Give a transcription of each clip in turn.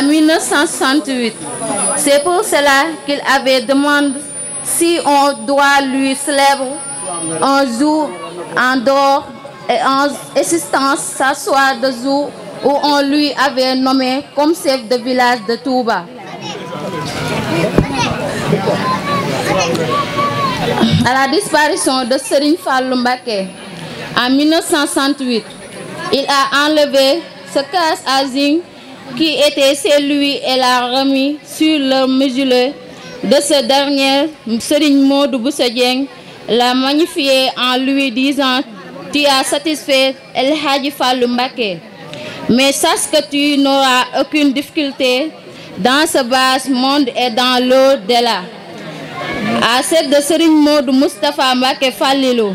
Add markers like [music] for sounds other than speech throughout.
en 1968. C'est pour cela qu'il avait demandé si on doit lui célébrer un jour en dehors et en existence sa soit de jour où on lui avait nommé comme chef de village de Touba. qui était celui et l'a remis sur le musulé de ce dernier, Serigne Modou Bousso Dieng, l'a magnifié en lui disant tu as satisfait El Hadji Fallou Mais sache tu n'auras aucune difficulté dans ce bas monde et dans l'au-delà. À celle de Serigne Modou Moustapha Mbacké Fallilou,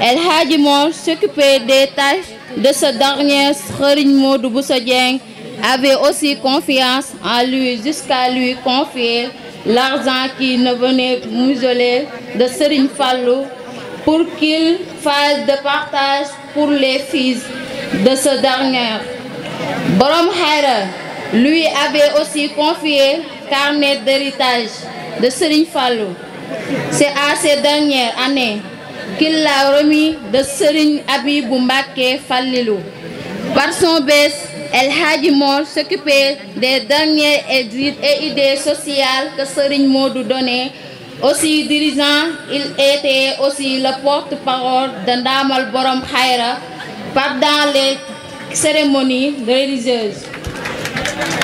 El Hadji Mor des tâches de ce dernier Serigne Modou Bousso Dieng avait aussi confiance en lui jusqu'à lui confier l'argent qui ne venait museler de Serigne Fallou pour qu'il fasse de partage pour les fils de ce dernier. Borom Haïra lui avait aussi confié carnet d'héritage de Serigne Fallou. C'est à ces dernières années qu'il l'a remis de Serigne Abibou Mbacké Fallilou par El Hadji Mor s'occupait des dernières et idées sociales que Serigne Modou donnait. Aussi dirigeant, il était aussi le porte-parole de Ndamal Borom Khaira pendant les cérémonies religieuses.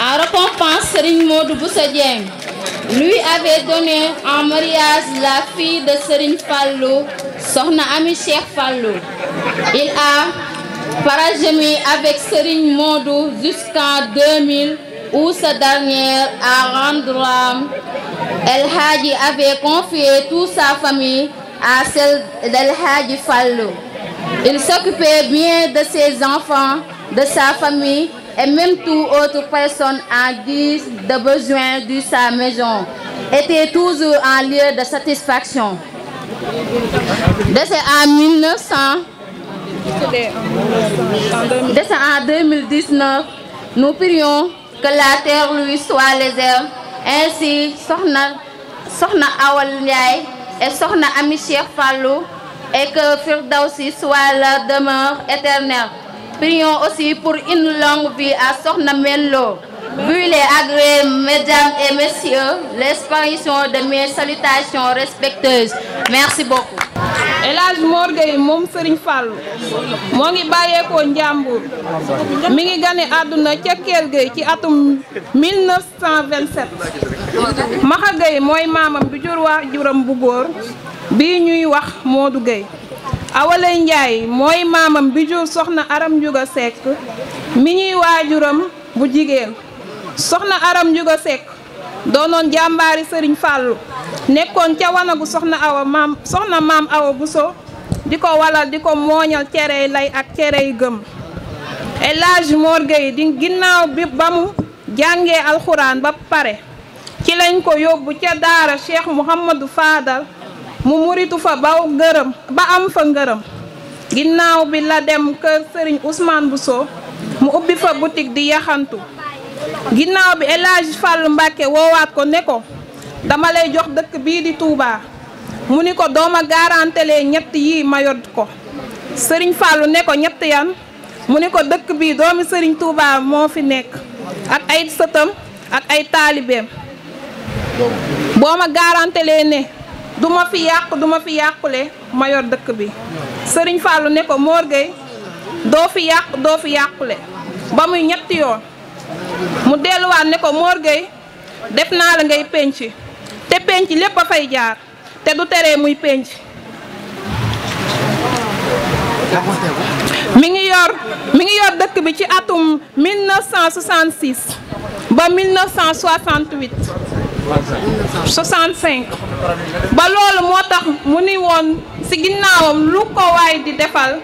En récompense, Serigne Modou Bousso Dieng lui avait donné en mariage la fille de Serigne Fallou, soxna Ami Cheikh Fallou. Il a Parajemi avec Serigne Modou jusqu'en 2000 où ce dernier a rendu El Hadji avait confié toute sa famille à celle d'El Hadji Fallou. Il s'occupait bien de ses enfants, de sa famille et même toute autre personne en guise de besoin de sa maison était toujours en lieu de satisfaction. De en 1900 Descend en 2019, nous prions que la terre lui soit légère. Ainsi, Sohna, Sohna Awal Ndiaye et Sohna Ami Cheikh Fallou et que Firdausi soit leur demeure éternelle. Prions aussi pour une longue vie à soxna Menlo. Vu les agréés, mesdames et messieurs, l'exparition de mes salutations respectueuses. Merci beaucoup. El Hadj Mor moom sëriñ Fallou moo ngi bàyyeekoo Njàmbur mi ngi gane àdduna ca Kelle ci atum 1927 Maxa Gueye mooy maamam du jur waajuram bu góor bi ñuy wax Modou Gueye Awalay Ndiaye mooy maamam bi jur soxna Aram Njuga Seck mi ñuy waajuram bu jigéen soxna Aram Njuga Seck doonoon jàmbaari sëriñ Fallou nekkoon ca wanagu soxna maam soxna bu awa di ko walal di ko mooñal cere lay ak cere gëm El Hadj Mor di ginnaaw bi ba mu jàngee alxuraan ba pare ci lañ ko yóbbu ca daara Cheikh Mouhamadou faadal mu muritu fa ba gërëm ba am fa ngërëm ginnaaw bi la dem kër Serigne bu Bousso mu ubbi fa boutique di yaxantu ginnaaw bi El Hadj Fall woowaat ko ne ko dama lay jox dëkk bii di Touba mu ni ko dooma garantelee ñett yi ma ko sëriñ Fallou ne ko ñett yan mu ni ko dëkk bii doomi sëriñ Touba moo fi nekk ak ay sëtam ak ay taalibeem boo ma garantelee ne duma ma fi yàqu du ma fi yàqule ma dëkk bi sëriñ Fallou ne ko Mor doo fi yàq doo fi yàqule ba muy ñetti yoon mu delluwaat ne ko Mor def naa la ngay penc te penc lépp a fay jaar te du tere muy penc mi ngi yor mi ngi dëkk bi ci atum 1966 ba 1968 65 ba loolu moo tax mu ni woon ci ginnaawam lu ko waay di defal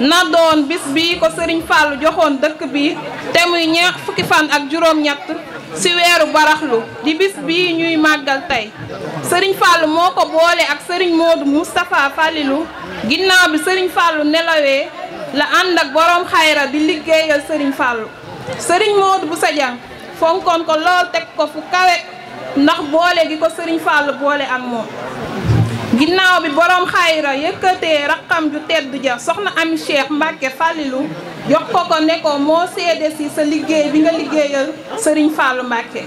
na doon bis bi ko Serigne Fallou joxoon dëkk bi te muy ñeex fukki fan ak juróom-ñett si weeru baraxlu di bis bii ñuy màggal tey sëriñ Fallou moo ko boole ak sëriñ Modou Moustapha Falilou ginnaaw bi sëriñ Fallou nelawee la ànd ak borom xayra di liggéeyal sëriñ Fallou sëriñ Modou bu sa jàng fonkoon ko lool teg ko fu kawe ndax boole gi ko sëriñ fàll boole ak moom ginnaaw bi boroom xayra yëkkatee raqam ju tedd ja soxna ami Cheikh Mbacke Falilou yokk ko ne ko moo seede si sa liggéey bi nga liggéeyal sëriñ Fallou Mbacké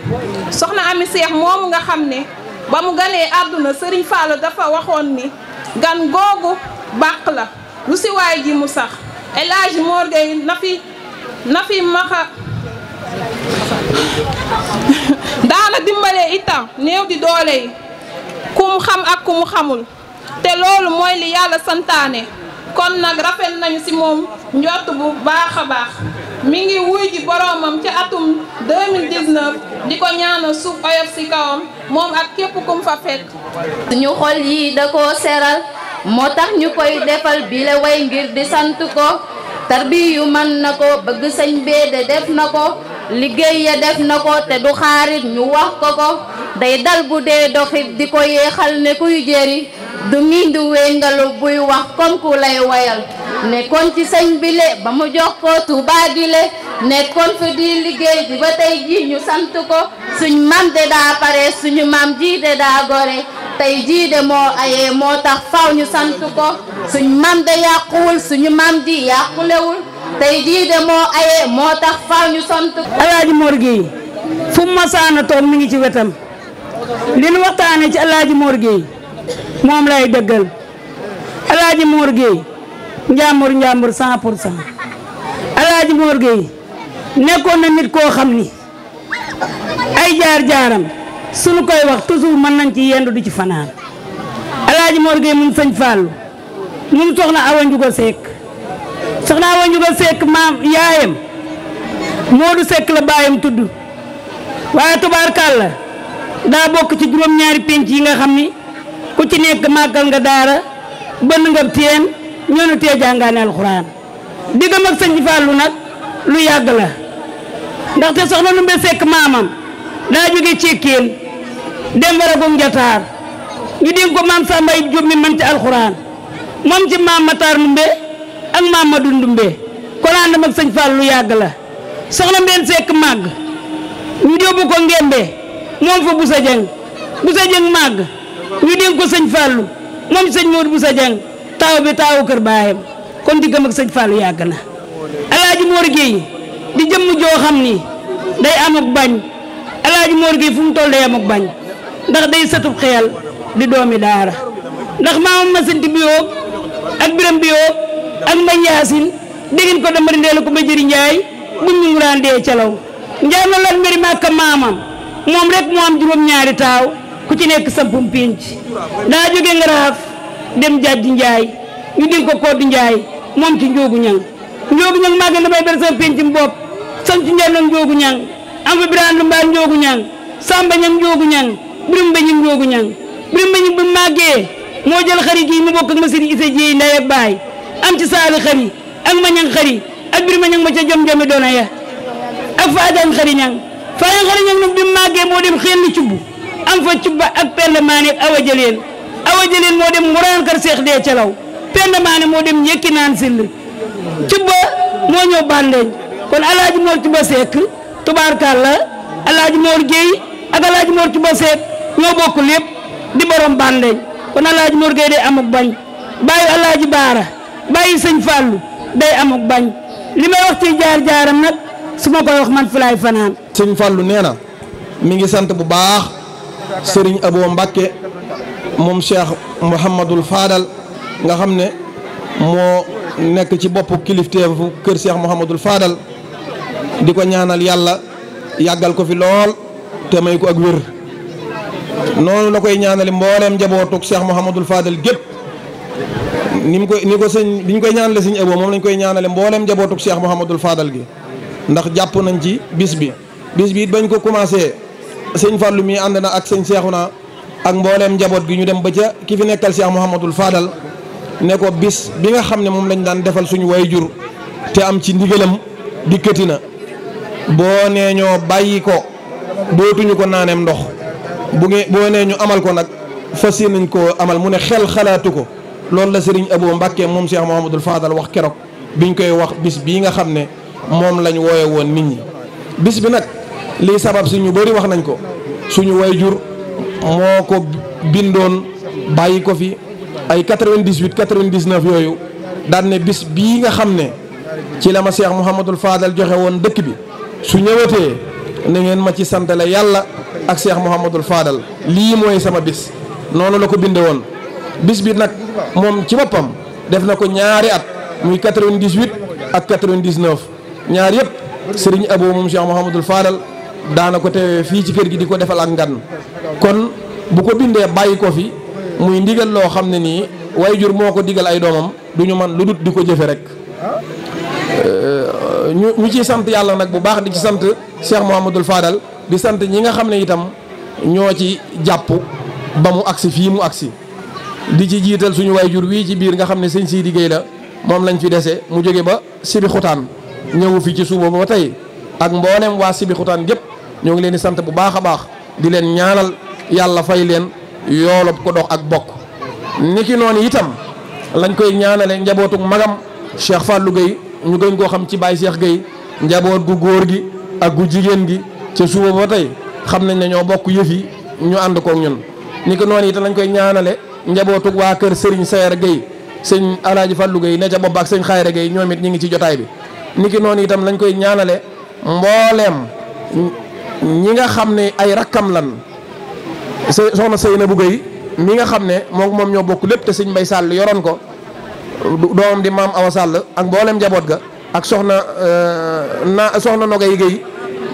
soxna Ami Seex moomu nga xam ne ba mu ganee àdduna sëriñ Fallou dafa waxoon ni gan googu bàq la lu gi mu sax El Hadji Mor Gueye na fi na fi maxa [laughs] daana dimbale itam néew di doole yi ku mu xam ak ku mu xamul te loolu mooy li yàlla santaane kon nag rafet nañu ci moom njort bu baax a baax mi ngi wuy ji boroomam ci atum 2019 di ko ñaanal suuf oyof ci kawam moom ak képp kum fa fekk suñu xol yi da ko seral moo tax ñu koy defal bile way ngir di sant ko tarbiyu mën na ko bëgg sëñ de def na ko liggéey ya def na ko te du xaarit ñu wax ko ko day dal bu dee doxit di ko yeexal ne kuy jëri du mindu wéngalu buy wax comme ku lay wayal nekkoon ci sëñ bi ba mu jox ko Tuubaa gi le nekkoon fa di liggéey bi ba tey ji ñu sant ko suñ maam de daa pare suñu maam ji de daa gore tey jii de moo ayee moo tax faw ñu sant ko suñ maam de yàquwul suñu maam yàqulewul tey jii de moo ayee moo tax faw ñu sant ko alaaji Mor Gueye fu mu masaana toog mi ngi ci wetam li waxtaane ci alaaji Mor Gueye moom lay dëggal alaaji Mor Gueye njàmbur njàmbur cent pour cent alaaji Mor Gueye nekkoon na nit koo xam ni ay jaar-jaaram suñu koy wax toujours mën nañ ci yend du ci fanaan alaaji Mor Gueye moom sëñ Fallou moom soxna Awa Ndiouga Seck soxna Awa Ndiouga Seck maam yaayam Modou Seck la baayam tudd waaye tubaarkàlla daa bokk ci juróom-ñaari penc yi nga xam ni ku ci nekk màggal nga daara bënn nga téen ñoonu tee jàngaane alxuraan diggam ak sëñ Fallou nag lu yàgg la ndaxte soxna Ndumbe Sekk maamam daa jóge Cekkeen dem waragum Njataar ñu dénk ko maam Samba Jóob mi man ci alxuraan moom ci maam Matar Ndumbe ak maam Madu Ndumbe kon àndam ak sëñ lu yàgg la soxna Mbeen Sekk màgg ñu yóbbu ko Ngembe moom fa Busa Jeng Busa Jeng màgg ñu dénk ko sëñ Fallou moom sëñ Modou sa Dieng taaw bi taawu kër baayam kon diggam ak sëñ Fallou yàgg na alaaji Mor Gueye di jëmm joo xam ni day am bañ alaaji Mor Gueye fu mu toll day am bañ ndax day satub xeyal di doomi daara ndax maamam masanti biyoo ak biram biyoo ak mbañ yaasin déggin ko dama ndeel ko ba jëri njaay buñ ñu nguraan dee calaw njaay na lan mbiri màkka maamam moom rek moo am juróom ñaari taaw ku ci nekk sampum pénc daa jóge ngaraaf dem jajji njaay ñu dénk ko koddu njaay moom ci njoogu ñang njoogu ñang maa gën damay ber sama péncum bopp sant njarnam njoogu ñang am fa biraan lu mbaar njoogu ñang samba ñang njoogu ñang birim ba ñang njoogu ñang birim ba ñang bu màggee moo jël xari gi mu bokk ak masiri isa jéey ndey ak baay am ci saali xari ak ma ñang xari ak birima ñang ma ca jom jomi doona ya ak faadaan xari ñang faadaan xari ñang nag bi mu màggee am fa cubba ak penda maane ak awa jëleen awa jëleen moo dem muraan kar seex dee calaw penda moo dem ñekki naan sill cubba moo ñëw bandeñ kon alaaji moor cubba seek tubaarkàlla alaaji moor géey ak alaaji moor cubba seek ñoo bokk lépp di borom bandeñ kon alaaji moor géey day amuk bañ bàyyi alaaji baara bàyyi sëñ fàllu day amuk bañ li ma wax ci jaar jaaram nag su ma koy wax man fu laay fanaan sëñ fàllu nee na ngi sant bu baax sëriñ Abo Mbàkke moom Cheikh Mouhamadul faadal nga xam ne moo nekk ci boppu kilifteefu kër seex Mouhamadul Fadal di ko ñaanal yàlla yàggal ko fi lool te may ko ak wér noonu la koy ñaanali mbooleem njabootug Cheikh Mouhamadul Fadal gépp ni mu koy ni ko sëñ bi ñu koy ñaanale sëñ Abo moom lañ koy ñaanale mbooleem njabootug seex Mouhamadul Fadal gi ndax jàpp nañ ci bis bi bis bi it bañ ko commencé sëñ Fallou mi ànd na ak sëñ Seexuna ak mbooleem njaboot gi ñu dem ba ca ki fi nekkal Cheikh Mouhamadul Fadal ne ko bis bi nga xam ne moom lañ daan defal suñu wayjur te am ci ndigalam dikkati na boo nee bàyyi ko dootuñu ko naaneem ndox bu ngeen boo nee ñu amal ko nag fas nañ koo amal mu ne xel xalaatu ko loolu la Serigne Abou Mbacke moom Cheikh Mouhamadul Fadal wax keroog biñ koy wax bis bii nga xam ne moom lañ wooye woon nit ñi bis bi nag. lii sabab si ñu bëri wax nañ ko suñu wayjur moo ko bindoon bàyyi ko fi ay 98 99 yooyu daan bis bii nga xam ne ci la ma Seex Muhammadul Faadal joxe woon dëkk bi su ñëwatee na ngeen ma ci santale yàlla ak Seex Muhammadul Faadal lii mooy sama bis noonu la ko binde woon bis bi nag moom ci boppam def na ko ñaari at muy 98 ak 99 ñaar yëpp Serigne Abo moom Cheikh Mouhamadul Fadal daana ko teewee fii ci kër gi di ko defal ak ngan kon bu ko bindee bàyyi ko fi muy ndigal loo xam ne nii way jur moo ko digal ay doomam du ñu man lu dut di ko jëfe rek euh, ñu ñu ciy sant yàlla nag bu baax di ci sant Cheikh Mouhamadul Fadal di sant ñi nga xam ne itam ñoo ci jàpp ba mu agsi fii mu agsi di ci jiital suñu waay jur wii ci biir nga xam ne sëñ Sidi Gueye la moom lañ fi dese mu jóge ba Sibi Xutaan ñëwu fi ci suba ba tey ak mboolem waa Sibi ñoo ngi leen di sant bu baax a baax di leen ñaanal yàlla fay leen yoolob ko dox ak bokk niki noonu itam lañ koy ñaanale njabootug magam Cheikh Fallou Gueye ñu gën koo xam ci Baye Cheikh Gueye njaboot gu góor gi ak gu jigéen gi ca suba ba tey xam nañ ne ñoo bokk yëf yi ñu ànd koog ñun niki noonu itam lañ koy ñaanale njabootug waa kër Serigne Sayar Gueye sëñ Alaaji Fallou Gueye ne ca bopp ak sëñ Xayra Gueye ñoom it ñu ngi ci jotaay bi niki noonu lañ koy ñaanale mbooleem ñi nga xam ne ay rakkam lan soxna bu Gueye mi nga xam ne moom moom ñoo bokk lépp te sëñ Mbay Sall yoroon ko doomam di maam Awa Sall ak mbooleem njaboot ga ak soxna euh, na soxna Nogay Gueye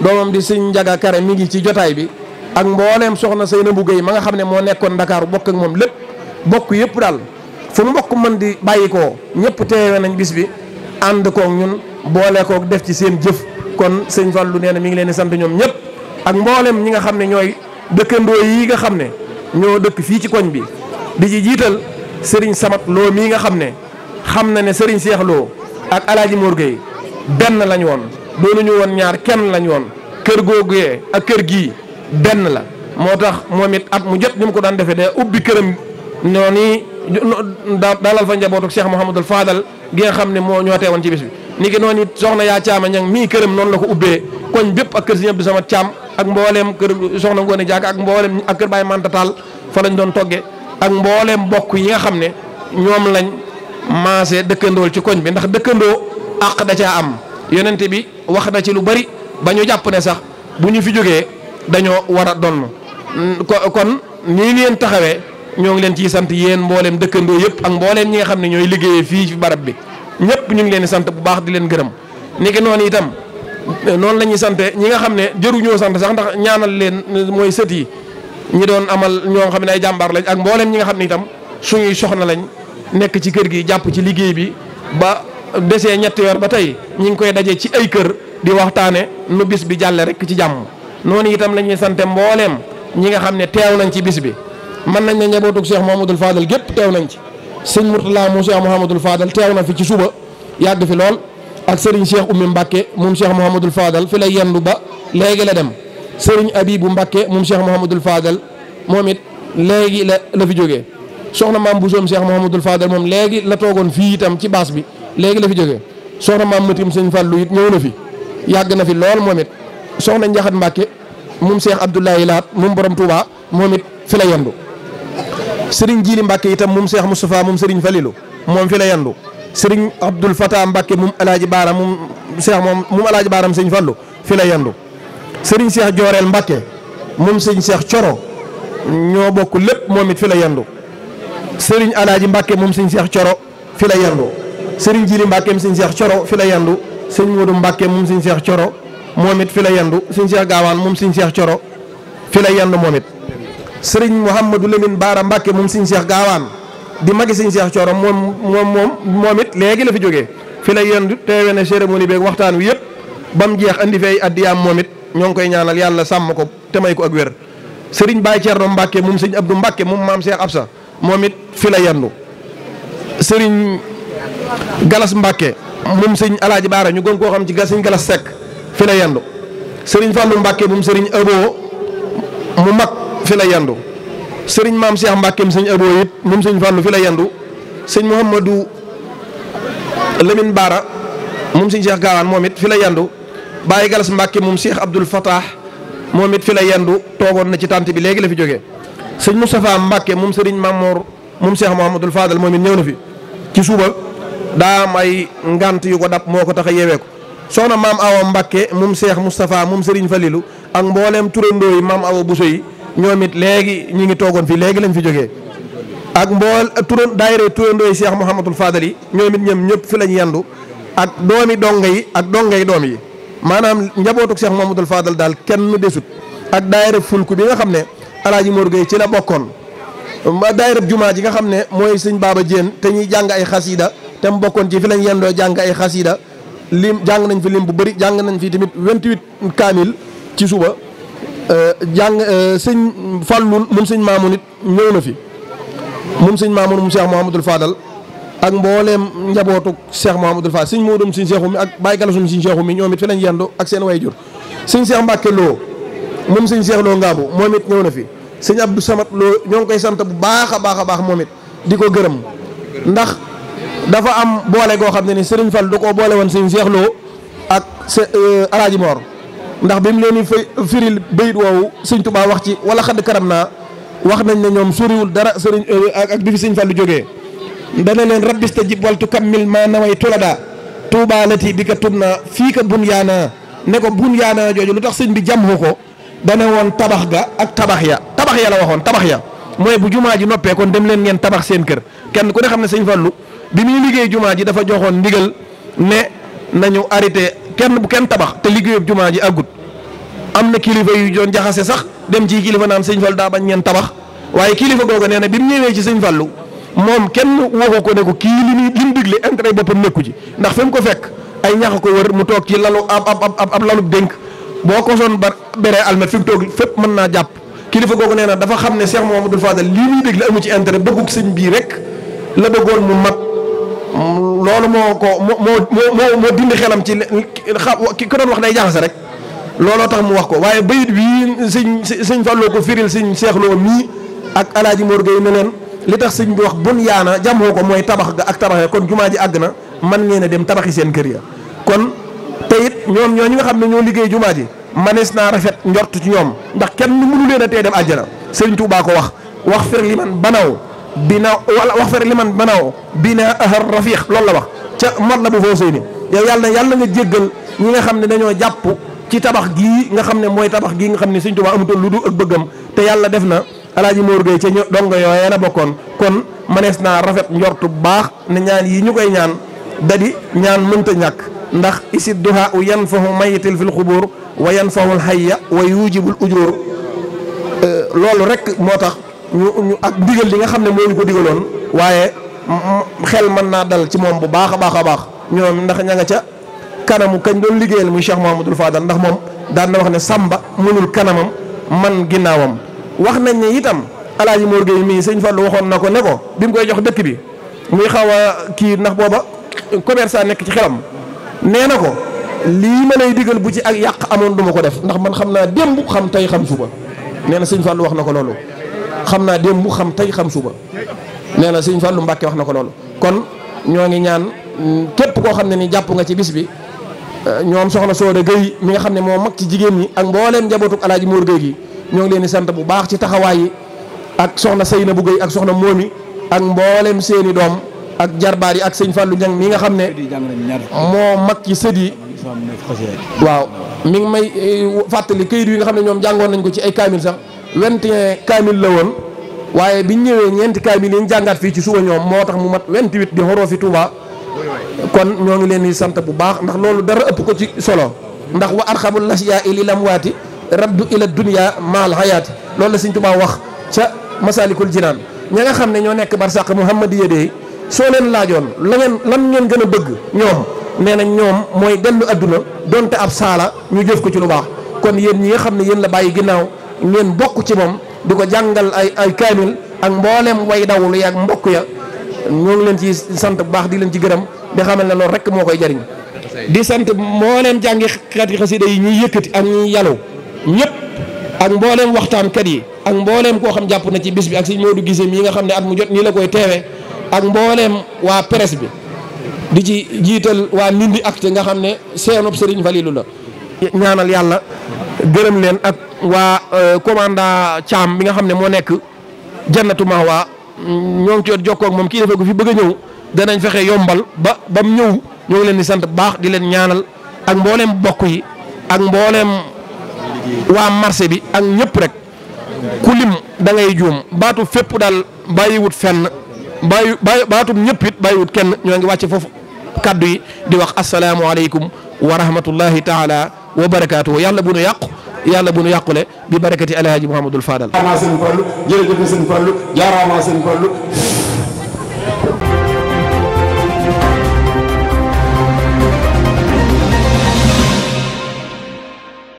doomam di sëñ Njaga mi ngi ci jotaay bi ak mbooleem soxna bu Gueye ma nga xam ne moo nekkoon Dakar bokk ak moom lépp bokk yëpp daal fu mbokk mën di bàyyi ko ñëpp teewe nañ bis bi ànd koog ñun boole kook def ci seen jëf kon sëñ Fallou lu na mi ngi leen sant ñoom ñëpp ak mboolem ñi nga xam ne ñooy dëkkandoo yi nga xam ne ñoo dëkk fii ci koñ bi di ci jiital sëriñ Samat Lo mii nga xam ne xam na ne sëriñ Seex Lo ak alaaji Mor Gueye benn lañ woon ñu woon ñaar kenn lañu woon kër googee ak kër gii benn la moo tax moom it at mu jot ni mu ko daan defee day ubbi këram noonu dalal fa njabootu Cheikh Mouhamadul Fadal gi nga xam ne moo ñoo teewoon ci bis bi ni ki noonu it soxna yaa caama ñang mii këram noonu la ko ubbee koñ bépp ak kër si ñëpp di sama caam ak mbooleem kër soxna ngoone jaak ak mbooleem ak kër baay mantataal fa lañ doon togge ak mbooleem mbokk yi nga xam ne ñoom lañ maase dëkkandool ci koñ bi ndax dëkkandoo àq da caa am yenent bi wax na ci lu bari ba ñu jàpp ne sax bu ñu fi jógee dañoo war a donn kon nii leen taxawee ñoo ngi leen ciy sant yéen mbooleem dëkkandoo yëpp ak mbooleem ñi nga xam ne ñooy liggéeye fii ci barab bi ñëpp ñu ngi leen di sant bu baax di leen gërëm niki noonu itam noonu la ñuy sante ñi nga xam ne jëruñoo sant sax ndax ñaanal leen mooy sët yi ñi doon amal ñoo xam ne ay jàmbaar lañ ak mboolem ñi nga xam ne suñuy soxna lañ nekk ci kër gi jàpp ci liggéey bi ba desee ñetti ba tey ñi ngi koy daje ci ay kër di waxtaane nu bis bi jàlle rek ci jàmm noonu itam la ñuy sante mbooleem ñi nga xam ne teew nañ ci bis bi mën nañ ne njabootug Cheikh Mouhamadoul Fadal gépp teew nañ ci sëñ Mourtala mu Cheikh Mouhamadul Fadal teew na fi ci suba yàgg fi lool ak Serigne Cheikh Oumy Mbacke moom Cheikh Mouhamadul Fadal fi lay yendu ba léegi la dem Serigne Abibou Mbacke moom Cheikh Mouhamadul Fadal moom it léegi la la fi jóge soxna maam Bousoom Cheikh Mouhamadul Fadal moom léegi la toogoon fii itam ci baas bi léegi la fi jógee soxna maam Matim sëñ Fallou it ñëw na fi yàgg na fi lool moom it soxna Njaxat Mbacke moom Cheikh Abdoulaye Laat moom borom Touba moom it fi la yendu sëriñ Jili Mbacke itam moom Cheikh Moustapha moom sëriñ Falilou moom fi la yendu sëriñ Abdoul Fatah Mbacke moom El Hadj Baara moom Cheikh moom moom El Hadj Baara sëriñ Fallu fi la yendu sëriñ Cheikh Jooreel Mbacke moom sëñ Cheikh Coro ñoo bokk lépp moom it fi la yendu sëriñ El Hadj Mbacke moom sëriñ Cheikh Coro fi la yendu sëriñ Jili Mbacke moom sëñ seex Coro fi la yendu sëriñ Modou Mbacke moom sëriñ Cheikh Coro moom it fi la yendu sëñ Cheikh Gaawaan moom sëriñ seex Coro fi la yendu moom it sëriñ Mouhamadou Lamine Baara Mbacke moom sëñ Cheikh Gaawaan di magi sëñ Cheikh Thioro moom moom moom moom it léegi la fi jógee fi la yendu teewee na cérémonie beeg waxtaan wi yëpp ba mu jeex andi fay addiyaam moom it ñoo ngi koy ñaanal yàlla sàmm ko te may ko ak wér. sëriñ Baye Thierno Mbacke moom sëñ Abdou Mbacke moom maam Cheikh Absa moom it fi la yendu sëriñ Galas mbakke moom sëñ Alaaji Baara ñu gën koo xam ci ga sëñ Galas sekk fi la yendu sëriñ Fallou Mbacke moom sëriñ Abo mu mag. fi la yendu sëriñ maam Cheikh Mbackeem sëñ Abo it moom sëñ Fallou fi la yendu sëñ Mouhamadou Lamine Baara moom sëñ Cheikh Gaawaan moom it fi la yendu Baye Galas Mbacke moom seex Abdoul Fatah moom it fi la yendu toogoon na ci tànt bi léegi la fi jógee sëñ Moustapha Mbacke moom sëriñ Mamour moom Cheikh Mouhamadul Fadal moom it ñëw na fi ci suba daa am ay ngant yu ko dab moo ko tax a yeewee ko soxna maam Awa Mbacke moom seex Moustapha moom sëriñ Falilou ak mboolem turandoo ñoom it léegi ñi ngi toogoon fii léegi lañ fi jógee ak mbool turan daayira turandooy Cheikh Mouhamadul Fadal yi ñoom it ñoom ñëpp fi lañ yendu ak doomi donga yi ak yi doom yi maanaam njabootuk Cheikh Mouhamadul Fadal daal kenn desut ak daayira fulku bi nga xam ne alaaji Mor Gueye ci la bokkoon daayira jumaa ji nga xam ne mooy sëñ Baaba Jéen te ñuy jàng ay xasiida te mu bokkoon ci fi lañ yendoo jàng ay xasiida lim jàng nañ fi lim bu bëri jàng nañ fi tamit 28 kaamil ci suba Euh, jàng euh, sëñ Fallou moom sëñ Maamun it ñëw na fi moom sëñ Maamun moom Cheikh Mouhamadul faadal ak mbooleem njabootu Cheikh Mouhamadul Fadal sëñ Moodu sëñ Cheikhu mi ak Baye Galasum sëñ Cheikhu mi ñoom it fi lañ yendu ak seen way jur sëñ Cheikh Mbacke Lo moom sëñ Cheikh Lo Ngaabu moom it ñëw na fi sëñ Abdou Samad Lo ñoo ngi koy sant bu baax a baax a baax moom it di ko gërëm ndax dafa am boole goo xam ne ni Serigne Fall du ko boole woon sëñ Cheikh Lo ak euh, Alaaji Moor ndax bi mu leen di firil bayit woowu sëñ Tuubaa wax ci wala xadd karam naa wax nañ ne ñoom soriwul dara sëriñ eh, ak bi fi sëñ Fallu jógee dana leen rabbista jib waltu kammil maa naway tulada tuubaalati bi ka tub naa fii ka bun yaana ne ko bun yaana jooju lu tax sëñ bi jàmmu ko dane woon tabax ga ak tabax ya tabax ya la waxoon tabax ya mooy bu jumaa ji noppee kon dem leen ngeen tabax seen kër kenn ku ne xam ne sëñ Fallu bi muy liggéey jumaa ji dafa joxoon ndigal ne nañu arrêté kenn bu kenn tabax te liggéeyub jumaa ji àggut am na kilifa yu doon jaxase sax dem ci kilifa naan sëñ Fallu daa bañ ngeen tabax waaye kilifa googu nee na bi mu ñëwee ci sëñ Fallu moom kenn waxu ko ne ko kii li muy li mu digle intérêt boppam nekku ji ndax fi mu ko fekk ay ñax ko wër mu toog ci lalu ab ab ab ab lalub dénk boo ko soon ba beree almet fi mu toog fépp mën naa jàpp kilifa googu nee na dafa xam ne Cheikh Mouhamadoul Fadal lii muy digle amu ci intérêt bëggu sëñ bii rek la bëggoon mu mat. loolu moo ko moo moo moo dindi xelam ci ki ko doon wax day jaxase rek looloo tax mu wax ko waaye bayit bii sëñ sëñ Fallou ko firil sëñ seexloo mii ak alaaji Mor Gueye ne leen li tax sëñ bi wax bun yaana jamoo ko mooy tabax ga ak tabaxee kon jumaa ji àgg na man ngeen a dem tabaxi seen kër ya kon te it ñoom ñoo ñi nga xam ne ñoo liggéey jumaa ji manees naa rafet njort ci ñoom ndax kenn mënu leen a tee dem àjjana sëñ Tuubaa ko wax wax fir li man banaw bina wala wax fere liman banaw bina ahar rafiq loolu la wax ca matlabu foo sëy ni yow yàlla na yàlla nga jéggal ñi nga xam ne dañoo jàpp ci tabax gii nga xam ne mooy tabax gii nga xam ne Sëñ Tuubaa amutoon lu du ak bëggam te yàlla def na alaaji moo Gueye ca dong yooyee la bokkoon kon manees naa rafet njortu baax ne ñaan yi ñu koy ñaan dadi ñaan mënta ñàkk ndax isid duhaa u yanfahu mayitil fil xubur wa yanfahu alxayya wa yujibul ujur euh, loolu rek moo ñu ñu ak digal li nga xam ne moo ñu ko digaloon waaye xel mën naa dal ci moom bu baax a baax a baax ñoom ndax ña nga ca kanamu kañ doon liggéeyal muy Cheikh Mahamadul Fadal ndax moom daan na wax ne Samba mënul kanamam man ginnaawam wax nañ ne itam alaaji Mor Gueye mii sëñ Fallou waxoon na ko ne ko bi mu koy jox dëkk bi muy xaw a kii ndax booba commerçant nekk ci xelam nee na ko lii ma lay digal bu ci ak yàq amoon duma ko def ndax man xam naa démb xam tey xam suba nee na sëñ Fallou wax na ko loolu xam naa démb xam tey xam suba nee na sëñ Fallou wax na ko loolu kon ñoo ngi ñaan mm, képp koo xam ne ni jàpp nga ci bis bi eh, ñoom soxna Sooda Gueye mi nga xam ne moo mag ci jigéen ñi ak mbooleem njabootuk alaaji Moor Gueye gi ñoo leen di sant bu baax ci taxawaay yi ak soxna Seyna bu Gueye ak soxna Moomi ak mbooleem seeni doom ak jarbaar yi ak sëñ Fallou Niang mi nga xam ne moo mag ci sët yi waaw mi ngi may eh, fàttali këyit yi nga xam ne ñoom jàngoon nañ ko ci ay kaamil sax 21 kaamil la woon waaye biñ ñëwee ñeenti kaamil yi ñu jàngaat fii ci suba ñoom moo tax mu mat 28 di xoroo fi Touba kon ñoo ngi leen di sant bu baax ndax loolu dara ëpp ko ci solo ndax wa arxamul lasiyaa ili lam waati raddu ila dunya maal hayaati loolu la Sëñ Tuubaa wax ca masalikul jinaan ña nga xam ne ñoo nekk barsàq muhammadiya dey soo leen laajoon la ngeen lan ngeen gën a bëgg ñoom nee nañ ñoom mooy dellu àdduna donte ab saala ñu jëf ko ci lu baax kon yéen ñi nga xam ne yéen la bàyyi ginnaaw ngeen bokk ci moom di ko jàngal ay ay kaamil ak mboolem way dawlu yaak mbokk ya ñoo ngi leen ci sant bu baax di leen ci gërëm di xamal ne loolu rek moo koy jariñ di sant mboolem jàngi kat yi xasida yi ñuy yëkkati ak ñuy yaloo ñëpp ak mboolem waxtaankat yi ak mboolem koo xam jàpp na ci bis bi ak sëñ Modou Guissé mii nga xam ne at mu jot nii la koy teewee ak mboolem waa presse bi di ci jiital waa Ndindy Actu nga xam ne seenub Serigne Falilou la ñaanal yàlla gërëm leen ak waa euh, commandant Thiam bi nga xam ne moo nekk jannatu Mahwa ñoo ngi ci jokkoo moom kii defee ko fii bëgg a ñëw danañ fexe yombal ba ba mu ñëw ñoo ngi leen di sant baax di leen ñaanal ak mbooleem bokk yi ak mboolem waa marché bi ak ñëpp rek ku lim da juum baatu fépp daal bàyyiwut fenn bàyyi baatum ñëpp it bàyyiwut kenn ñoo ngi wàcce foofu kaddu yi di wax asalaamualeykum wa rahmatullahi taala wa barakaatu yàlla bu nu yàqu yàlla bu nu yàqule bi barakati alhaaji Mouhamadul Fadal jaaraamaa sëñ Fallu jërëjëf sëñ Fallu jaaraamaa sëñ Fallu